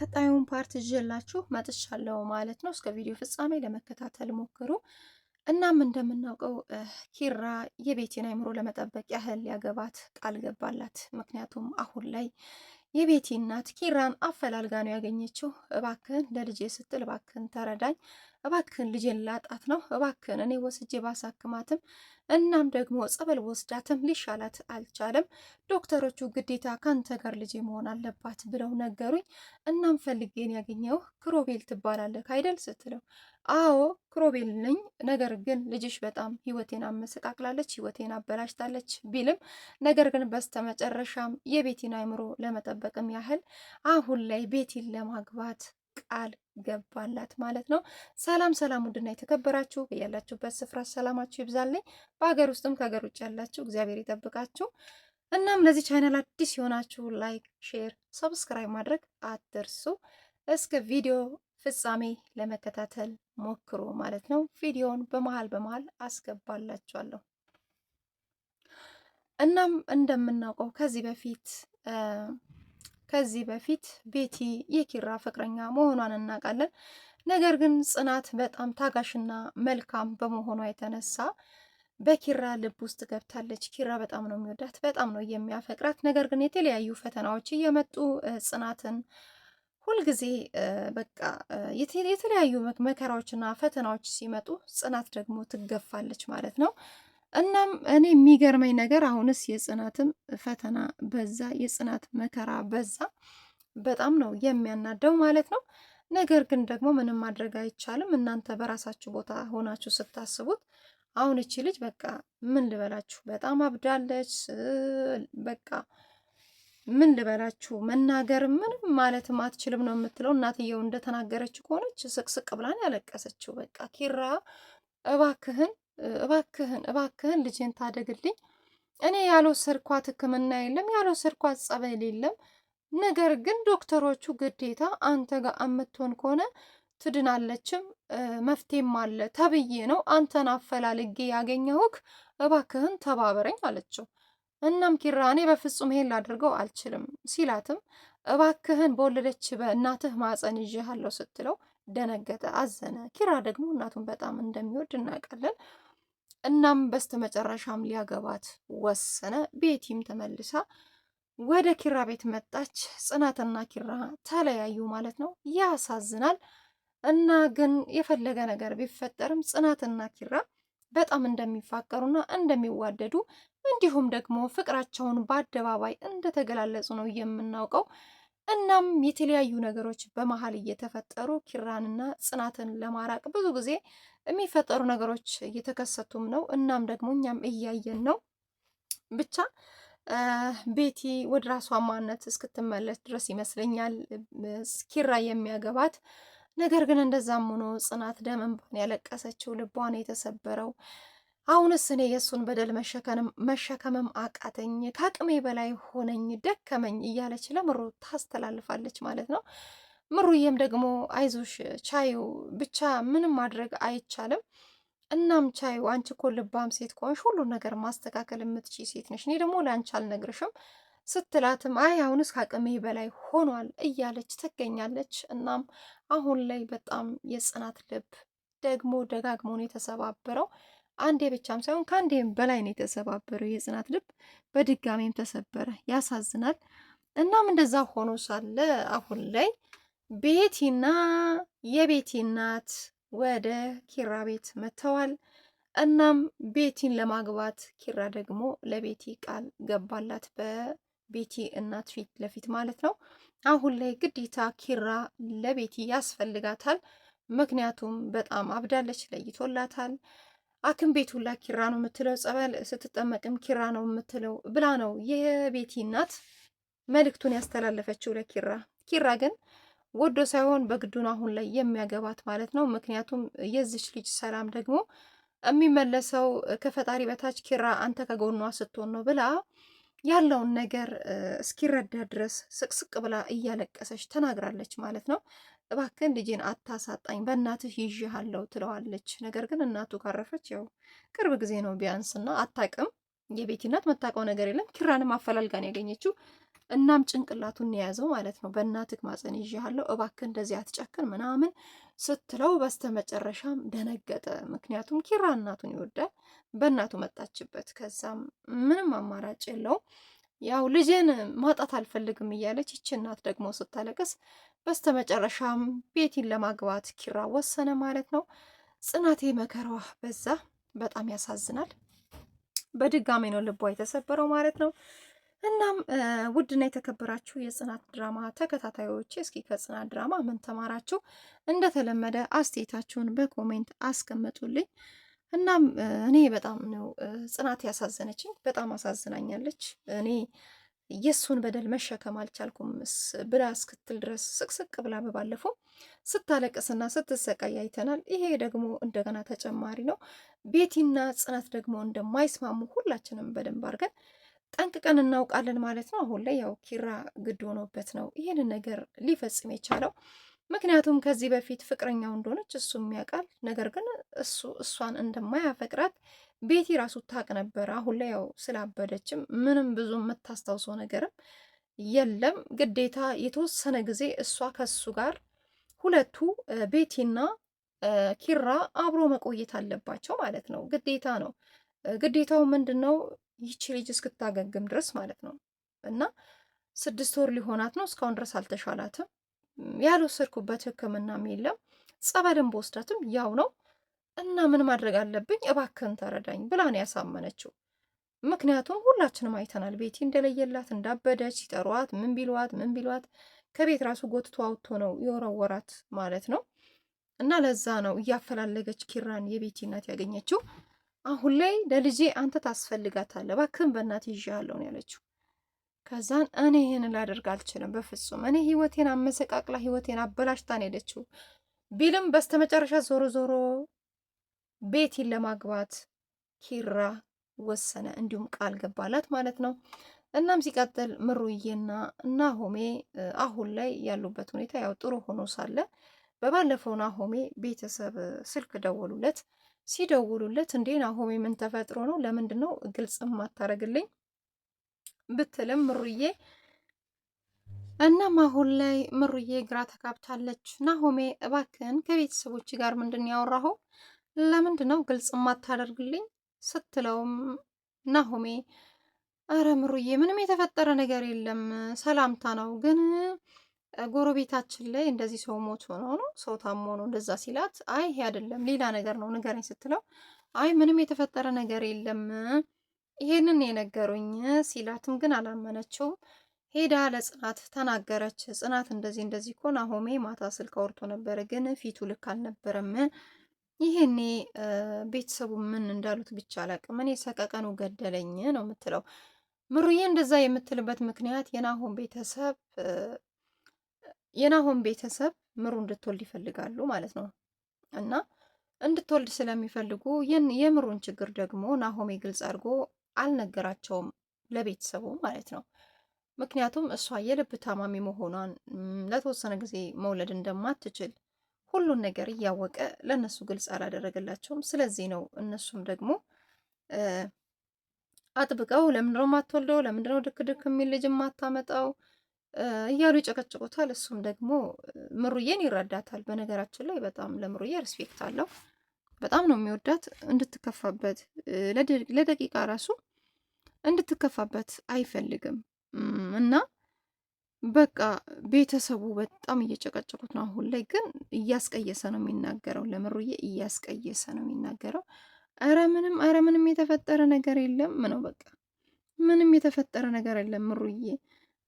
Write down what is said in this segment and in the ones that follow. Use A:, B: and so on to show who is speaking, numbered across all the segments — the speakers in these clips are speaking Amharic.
A: ቀጣዩን ፓርት ይዤላችሁ መጥቻለሁ ማለት ነው። እስከ ቪዲዮ ፍጻሜ ለመከታተል ሞክሩ። እናም እንደምናውቀው ኪራ የቤቲን አይምሮ ለመጠበቅ ያህል ያገባት ቃል ገባላት። ምክንያቱም አሁን ላይ የቤቲ እናት ኪራን አፈላልጋ ነው ያገኘችው። እባክህን ለልጄ ስትል እባክህን ተረዳኝ እባክህን ልጄን ላጣት ነው፣ እባክህን እኔ ወስጄ ባሳክማትም እናም ደግሞ ጸበል ወስዳትም ሊሻላት አልቻለም። ዶክተሮቹ ግዴታ ከአንተ ጋር ልጄ መሆን አለባት ብለው ነገሩኝ። እናም ፈልጌን ያገኘው ክሮቤል ትባላለህ አይደል ስትለው አዎ ክሮቤል ነኝ፣ ነገር ግን ልጅሽ በጣም ህይወቴን አመሰቃቅላለች፣ ህይወቴን አበላሽታለች ቢልም ነገር ግን በስተመጨረሻም የቤቲን አይምሮ ለመጠበቅም ያህል አሁን ላይ ቤቲን ለማግባት ቃል ገባላት ማለት ነው። ሰላም ሰላም፣ ውድና የተከበራችሁ ያላችሁበት ስፍራ ሰላማችሁ ይብዛልኝ። በሀገር ውስጥም ከሀገር ውጭ ያላችሁ እግዚአብሔር ይጠብቃችሁ። እናም ለዚህ ቻይናል አዲስ የሆናችሁ ላይክ፣ ሼር፣ ሰብስክራይብ ማድረግ አትርሱ። እስከ ቪዲዮ ፍጻሜ ለመከታተል ሞክሩ ማለት ነው። ቪዲዮውን በመሀል በመሀል አስገባላችኋለሁ። እናም እንደምናውቀው ከዚህ በፊት ከዚህ በፊት ቤቲ የኪራ ፍቅረኛ መሆኗን እናውቃለን። ነገር ግን ጽናት በጣም ታጋሽና መልካም በመሆኗ የተነሳ በኪራ ልብ ውስጥ ገብታለች። ኪራ በጣም ነው የሚወዳት፣ በጣም ነው የሚያፈቅራት። ነገር ግን የተለያዩ ፈተናዎች እየመጡ ጽናትን ሁልጊዜ በቃ የተለያዩ መከራዎችና ፈተናዎች ሲመጡ ጽናት ደግሞ ትገፋለች ማለት ነው። እናም እኔ የሚገርመኝ ነገር አሁንስ የጽናትም ፈተና በዛ፣ የጽናት መከራ በዛ። በጣም ነው የሚያናደው ማለት ነው። ነገር ግን ደግሞ ምንም ማድረግ አይቻልም። እናንተ በራሳችሁ ቦታ ሆናችሁ ስታስቡት አሁን እቺ ልጅ በቃ ምን ልበላችሁ፣ በጣም አብዳለች። በቃ ምን ልበላችሁ፣ መናገር ምንም ማለትም አትችልም ነው የምትለው። እናትየው እንደተናገረችው ከሆነች ስቅስቅ ብላን ያለቀሰችው በቃ ኪራ እባክህን እባክህን እባክህን ልጄን ታደግልኝ። እኔ ያልወሰድኳት ሕክምና የለም ያልወሰድኳት ጸበል የለም። ነገር ግን ዶክተሮቹ ግዴታ አንተ ጋር የምትሆን ከሆነ ትድናለችም መፍትሄም አለ ተብዬ ነው አንተን አፈላልጌ ያገኘሁክ። እባክህን ተባበረኝ አለችው። እናም ኪራ እኔ በፍጹም ይሄን ላድርገው አልችልም ሲላትም እባክህን በወለደች በእናትህ ማፀን ይዤሃለሁ ስትለው ደነገጠ፣ አዘነ። ኪራ ደግሞ እናቱን በጣም እንደሚወድ እናውቃለን። እናም በስተመጨረሻም ሊያገባት ወሰነ። ቤቲም ተመልሳ ወደ ኪራ ቤት መጣች። ጽናትና ኪራ ተለያዩ ማለት ነው። ያሳዝናል። እና ግን የፈለገ ነገር ቢፈጠርም ጽናትና ኪራ በጣም እንደሚፋቀሩና እንደሚዋደዱ እንዲሁም ደግሞ ፍቅራቸውን በአደባባይ እንደተገላለጹ ነው የምናውቀው። እናም የተለያዩ ነገሮች በመሀል እየተፈጠሩ ኪራንና ጽናትን ለማራቅ ብዙ ጊዜ የሚፈጠሩ ነገሮች እየተከሰቱም ነው። እናም ደግሞ እኛም እያየን ነው። ብቻ ቤቲ ወደ ራሷ ማንነት እስክትመለስ ድረስ ይመስለኛል ኪራ የሚያገባት። ነገር ግን እንደዛም ሆኖ ጽናት ደም እንባን ያለቀሰችው ልቧን የተሰበረው አሁንስ እኔ የእሱን በደል መሸከምም አቃተኝ፣ ከአቅሜ በላይ ሆነኝ፣ ደከመኝ እያለች ለምሩ ታስተላልፋለች ማለት ነው። ምሩዬም ደግሞ አይዞሽ ቻዩ፣ ብቻ ምንም ማድረግ አይቻልም። እናም ቻዩ አንቺ እኮ ልባም ሴት ከሆንሽ ሁሉን ነገር ማስተካከል የምትች ሴት ነሽ፣ እኔ ደግሞ ለአንቺ አልነግርሽም ስትላትም አይ አሁንስ ከአቅሜ በላይ ሆኗል እያለች ትገኛለች። እናም አሁን ላይ በጣም የጽናት ልብ ደግሞ ደጋግሞን የተሰባበረው አንዴ ብቻም ሳይሆን ከአንዴም በላይ ነው የተሰባበረው የጽናት ልብ በድጋሚም ተሰበረ። ያሳዝናል። እናም እንደዛ ሆኖ ሳለ አሁን ላይ ቤቲና የቤቲ እናት ወደ ኪራ ቤት መጥተዋል። እናም ቤቲን ለማግባት ኪራ ደግሞ ለቤቲ ቃል ገባላት፣ በቤቲ እናት ፊት ለፊት ማለት ነው። አሁን ላይ ግዴታ ኪራ ለቤቲ ያስፈልጋታል። ምክንያቱም በጣም አብዳለች፣ ለይቶላታል። አክም ቤት ሁላ ኪራ ነው የምትለው፣ ጸበል ስትጠመቅም ኪራ ነው የምትለው ብላ ነው የቤቲ እናት መልእክቱን ያስተላለፈችው ለኪራ። ኪራ ግን ወዶ ሳይሆን በግዱን አሁን ላይ የሚያገባት ማለት ነው። ምክንያቱም የዚች ልጅ ሰላም ደግሞ የሚመለሰው ከፈጣሪ በታች ኪራ አንተ ከጎኗ ስትሆን ነው ብላ ያለውን ነገር እስኪረዳ ድረስ ስቅስቅ ብላ እያለቀሰች ተናግራለች ማለት ነው። እባክን ልጄን አታሳጣኝ በእናትህ ይዤሃለሁ ትለዋለች። ነገር ግን እናቱ ካረፈች ያው ቅርብ ጊዜ ነው ቢያንስና አታቅም። የቤቲ እናት መታቀው ነገር የለም። ኪራንም አፈላልጋን ያገኘችው። እናም ጭንቅላቱን የያዘው ማለት ነው። በእናትህ ማፀን ይዤሃለሁ እባክህ እንደዚህ አትጨክን ምናምን ስትለው በስተመጨረሻም ደነገጠ። ምክንያቱም ኪራ እናቱን ይወዳል። በእናቱ መጣችበት። ከዛም ምንም አማራጭ የለውም። ያው ልጄን ማጣት አልፈልግም እያለች ይች እናት ደግሞ ስታለቅስ፣ በስተመጨረሻም ቤቲን ለማግባት ኪራ ወሰነ ማለት ነው። ጽናቴ መከራዋ በዛ፣ በጣም ያሳዝናል። በድጋሚ ነው ልቧ የተሰበረው ማለት ነው። እናም ውድና የተከበራችሁ የጽናት ድራማ ተከታታዮች እስኪ ከጽናት ድራማ ምን ተማራችሁ? እንደተለመደ አስተያየታችሁን በኮሜንት አስቀምጡልኝ። እናም እኔ በጣም ነው ጽናት ያሳዘነችኝ። በጣም አሳዝናኛለች። እኔ የእሱን በደል መሸከም አልቻልኩም ብላ እስክትል ድረስ ስቅስቅ ብላ በባለፈው ስታለቅስና ስትሰቃይ አይተናል። ይሄ ደግሞ እንደገና ተጨማሪ ነው። ቤቲና ጽናት ደግሞ እንደማይስማሙ ሁላችንም በደንብ አድርገን ጠንቅቀን እናውቃለን ማለት ነው። አሁን ላይ ያው ኪራ ግድ ሆኖበት ነው ይህንን ነገር ሊፈጽም የቻለው። ምክንያቱም ከዚህ በፊት ፍቅረኛው እንደሆነች እሱም ያውቃል። ነገር ግን እሱ እሷን እንደማያፈቅራት ቤቲ ራሱ ታውቅ ነበር። አሁን ላይ ያው ስላበደችም ምንም ብዙ የምታስታውሰው ነገርም የለም። ግዴታ የተወሰነ ጊዜ እሷ ከሱ ጋር ሁለቱ ቤቲና ኪራ አብሮ መቆየት አለባቸው ማለት ነው። ግዴታ ነው። ግዴታው ምንድን ነው? ይቺ ልጅ እስክታገግም ድረስ ማለት ነው። እና ስድስት ወር ሊሆናት ነው። እስካሁን ድረስ አልተሻላትም። ያልወሰድኩበት ሕክምናም የለም ጸበልን በወስዳትም ያው ነው እና ምን ማድረግ አለብኝ እባክህን ተረዳኝ ብላ ነው ያሳመነችው። ምክንያቱም ሁላችንም አይተናል ቤቲ እንደለየላት እንዳበደች ሲጠሯት ምን ቢሏት ምን ቢሏት ከቤት ራሱ ጎትቶ አውጥቶ ነው የወረወራት ማለት ነው። እና ለዛ ነው እያፈላለገች ኪራን የቤቲ እናት ያገኘችው። አሁን ላይ ለልጄ አንተ ታስፈልጋታለህ እባክህን በእናትህ ይዤሃለሁ ነው ያለችው። ከዛን እኔ ይህን ላደርግ አልችልም በፍጹም እኔ ህይወቴን አመሰቃቅላ ህይወቴን አበላሽታን ሄደችው ቢልም በስተመጨረሻ ዞሮ ዞሮ ቤቲን ለማግባት ኪራ ወሰነ፣ እንዲሁም ቃል ገባላት ማለት ነው። እናም ሲቀጥል ምሩዬና ናሆሜ አሁን ላይ ያሉበት ሁኔታ ያው ጥሩ ሆኖ ሳለ በባለፈው ናሆሜ ቤተሰብ ስልክ ደወሉለት። ሲደውሉለት እንዴ ናሆሜ ምን ተፈጥሮ ነው? ለምንድን ነው ግልጽ አታረግልኝ ብትልም ምሩዬ እናም አሁን ላይ ምሩዬ ግራ ተጋብታለች። ናሆሜ እባክን ከቤተሰቦች ጋር ምንድን ያወራሁ ለምንድን ነው ግልጽ ማታደርግልኝ? ስትለውም ናሆሜ አረ ምሩዬ ምንም የተፈጠረ ነገር የለም ሰላምታ ነው፣ ግን ጎረቤታችን ላይ እንደዚህ ሰው ሞት ሆኖ ነው ሰው ታሞ ነው እንደዛ ሲላት፣ አይ አይደለም ሌላ ነገር ነው ንገረኝ ስትለው፣ አይ ምንም የተፈጠረ ነገር የለም ይህንን የነገሩኝ ሲላትም ግን አላመነችውም። ሄዳ ለጽናት ተናገረች። ጽናት እንደዚህ እንደዚህ እኮ ናሆሜ ማታ ስልክ አውርቶ ነበረ፣ ግን ፊቱ ልክ አልነበረም። ይህኔ ቤተሰቡ ምን እንዳሉት ብቻ አላቅም፣ እኔ ሰቀቀኑ ገደለኝ ነው የምትለው። ምሩዬ እንደዛ የምትልበት ምክንያት የናሆም ቤተሰብ የናሆም ቤተሰብ ምሩ እንድትወልድ ይፈልጋሉ ማለት ነው እና እንድትወልድ ስለሚፈልጉ የምሩን ችግር ደግሞ ናሆሜ ግልጽ አድርጎ አልነገራቸውም፣ ለቤተሰቡ ማለት ነው። ምክንያቱም እሷ የልብ ታማሚ መሆኗን ለተወሰነ ጊዜ መውለድ እንደማትችል ሁሉን ነገር እያወቀ ለእነሱ ግልጽ አላደረገላቸውም። ስለዚህ ነው እነሱም ደግሞ አጥብቀው ለምንድነው የማትወልደው? ለምንድነው ድክ ድክ የሚል ልጅ የማታመጣው እያሉ ይጨቀጭቁታል። እሱም ደግሞ ምሩዬን ይረዳታል። በነገራችን ላይ በጣም ለምሩዬ ሪስፔክት አለው። በጣም ነው የሚወዳት። እንድትከፋበት ለደቂቃ ራሱ እንድትከፋበት አይፈልግም እና በቃ ቤተሰቡ በጣም እየጨቀጨቁት ነው። አሁን ላይ ግን እያስቀየሰ ነው የሚናገረው፣ ለምሩዬ እያስቀየሰ ነው የሚናገረው። እረ ምንም ኧረ ምንም የተፈጠረ ነገር የለም ነው በቃ ምንም የተፈጠረ ነገር የለም ምሩዬ፣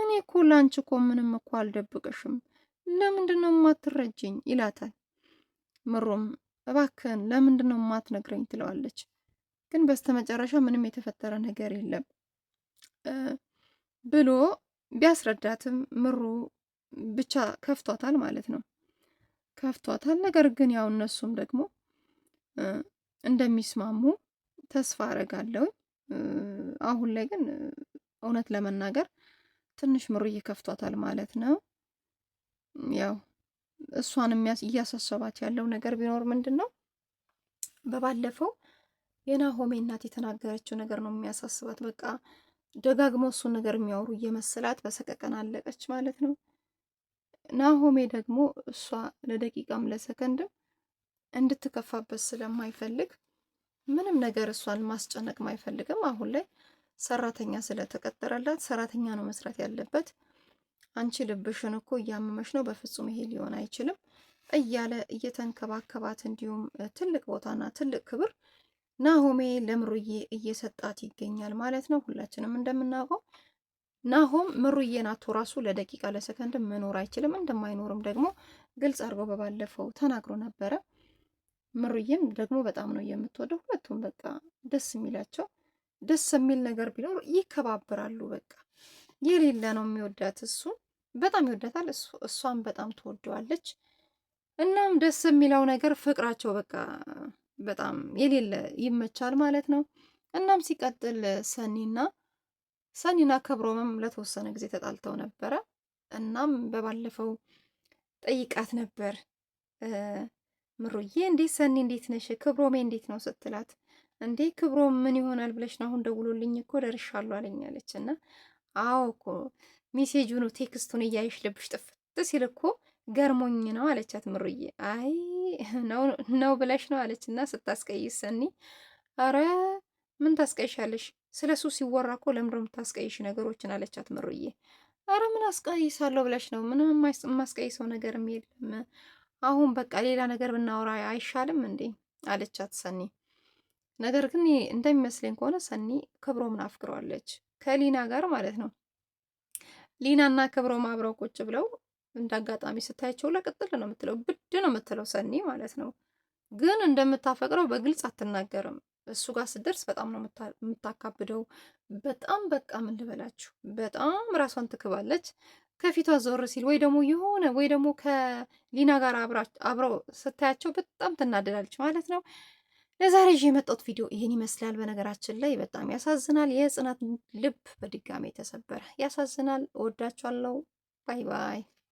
A: እኔ እኮ ላንቺ እኮ ምንም እኮ አልደብቅሽም፣ ለምንድን ነው የማትረጅኝ ይላታል። ምሩም እባክህን ለምንድን ነው የማትነግረኝ ትለዋለች። ግን በስተመጨረሻ ምንም የተፈጠረ ነገር የለም ብሎ ቢያስረዳትም ምሩ ብቻ ከፍቷታል ማለት ነው። ከፍቷታል። ነገር ግን ያው እነሱም ደግሞ እንደሚስማሙ ተስፋ አረጋለሁ። አሁን ላይ ግን እውነት ለመናገር ትንሽ ምሩ ከፍቷታል ማለት ነው። ያው እሷን እያሳሰባት ያለው ነገር ቢኖር ምንድን ነው በባለፈው የናሆሜ እናት የተናገረችው ነገር ነው የሚያሳስባት። በቃ ደጋግሞ እሱን ነገር የሚያወሩ እየመሰላት በሰቀቀን አለቀች ማለት ነው። ናሆሜ ደግሞ እሷ ለደቂቃም ለሰከንድም እንድትከፋበት ስለማይፈልግ ምንም ነገር እሷን ማስጨነቅም አይፈልግም። አሁን ላይ ሰራተኛ ስለተቀጠረላት ሰራተኛ ነው መስራት ያለበት። አንቺ ልብሽን እኮ እያመመሽ ነው፣ በፍጹም ይሄ ሊሆን አይችልም እያለ እየተንከባከባት እንዲሁም ትልቅ ቦታና ትልቅ ክብር ናሆሜ ለምሩዬ እየሰጣት ይገኛል ማለት ነው። ሁላችንም እንደምናውቀው ናሆም ምሩዬ ናቶ ራሱ ለደቂቃ ለሰከንድ መኖር አይችልም። እንደማይኖርም ደግሞ ግልጽ አድርጎ በባለፈው ተናግሮ ነበረ። ምሩዬም ደግሞ በጣም ነው የምትወደው። ሁለቱም በቃ ደስ የሚላቸው ደስ የሚል ነገር ቢኖር ይከባበራሉ። በቃ የሌለ ነው የሚወዳት እሱ በጣም ይወዳታል፣ እሷም በጣም ትወደዋለች። እናም ደስ የሚለው ነገር ፍቅራቸው በቃ በጣም የሌለ ይመቻል ማለት ነው። እናም ሲቀጥል ሰኒና ሰኒና ክብሮምም ለተወሰነ ጊዜ ተጣልተው ነበረ። እናም በባለፈው ጠይቃት ነበር ምሩዬ፣ እንዴት ሰኒ እንዴት ነሽ? ክብሮሜ እንዴት ነው ስትላት፣ እንዴ ክብሮም ምን ይሆናል ብለሽ ነው? አሁን ደውሎልኝ እኮ ደርሻለሁ አለኛለች። እና አዎ እኮ ሜሴጁ ነው ቴክስቱን እያየሽ ልብሽ ጥፍት ሲል እኮ ገርሞኝ ነው አለቻት ምሩዬ። አይ ነው ብለሽ ነው አለችና ስታስቀይስ ሰኒ አረ ምን ታስቀይሻለሽ? ስለ እሱ ሲወራ እኮ ለምዶ የምታስቀይሽ ነገሮችን አለቻት ምሩዬ። አረ ምን አስቀይሳለሁ ብለሽ ነው? ምንም የማስቀይሰው ነገርም የለም። አሁን በቃ ሌላ ነገር ብናወራ አይሻልም እንዴ አለቻት ሰኒ። ነገር ግን እንደሚመስለኝ ከሆነ ሰኒ ክብሮምን አፍቅረዋለች ከሊና ጋር ማለት ነው። ሊናና ክብሮም አብረው ቁጭ ብለው እንደ አጋጣሚ ስታያቸው ለቅጥል ነው የምትለው፣ ብድ ነው የምትለው ሰኒ ማለት ነው። ግን እንደምታፈቅረው በግልጽ አትናገርም። እሱ ጋር ስደርስ በጣም ነው የምታካብደው። በጣም በቃ ምን ልበላችሁ፣ በጣም ራሷን ትክባለች። ከፊቷ ዞር ሲል ወይ ደግሞ የሆነ ወይ ደግሞ ከሊና ጋር አብረው ስታያቸው በጣም ትናደዳለች ማለት ነው። ለዛሬ ይዤ የመጣሁት ቪዲዮ ይህን ይመስላል። በነገራችን ላይ በጣም ያሳዝናል። የጽናት ልብ በድጋሚ ተሰበረ። ያሳዝናል። እወዳችኋለሁ። ባይ ባይ